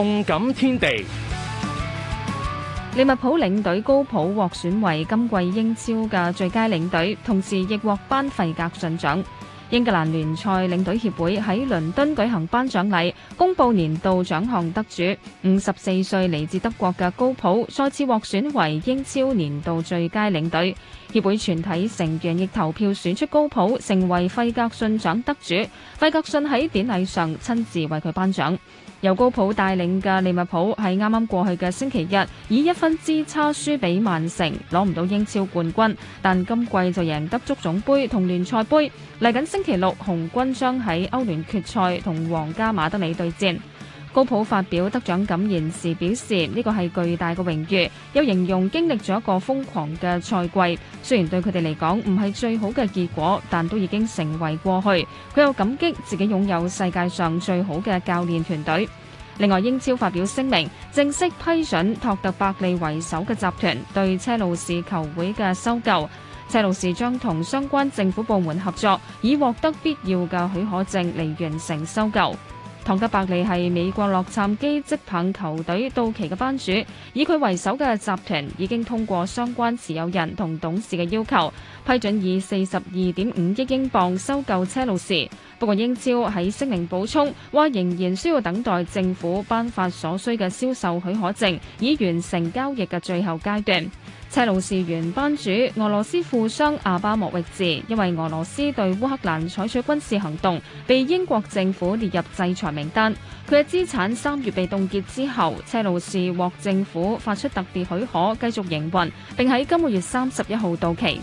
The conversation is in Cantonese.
動感天地，利物浦領隊高普獲選為今季英超嘅最佳領隊，同時亦獲頒費格遜獎。英格蘭聯賽領隊協會喺倫敦舉行頒獎禮，公布年度獎項得主。五十四歲嚟自德國嘅高普再次獲選為英超年度最佳領隊。協會全體成員亦投票選出高普成為費格遜獎得主。費格遜喺典禮上親自為佢頒獎。由高普帶領嘅利物浦喺啱啱過去嘅星期日以一分之差輸俾曼城，攞唔到英超冠軍。但今季就贏得足總杯同聯賽杯。嚟緊星期六，紅軍將喺歐聯決賽同皇家馬德里對戰。高普發表得獎感言時表示：呢個係巨大嘅榮譽，又形容經歷咗一個瘋狂嘅賽季。雖然對佢哋嚟講唔係最好嘅結果，但都已經成為過去。佢又感激自己擁有世界上最好嘅教練團隊。另外，英超發表聲明，正式批准托特伯利為首嘅集團對車路士球會嘅收購。車路士將同相關政府部門合作，以獲得必要嘅許可證嚟完成收購。唐吉伯利係美國洛杉磯職棒球隊道奇嘅班主，以佢為首嘅集團已經通過相關持有人同董事嘅要求，批准以四十二點五億英鎊收購車路士。不過英超喺聲明補充，話仍然需要等待政府頒發所需嘅銷售許可證，以完成交易嘅最後階段。車路士原班主俄羅斯富商阿巴莫域治，因為俄羅斯對烏克蘭採取軍事行動，被英國政府列入制裁名單。佢嘅資產三月被凍結之後，車路士獲政府發出特別許可，繼續營運，並喺今個月三十一號到期。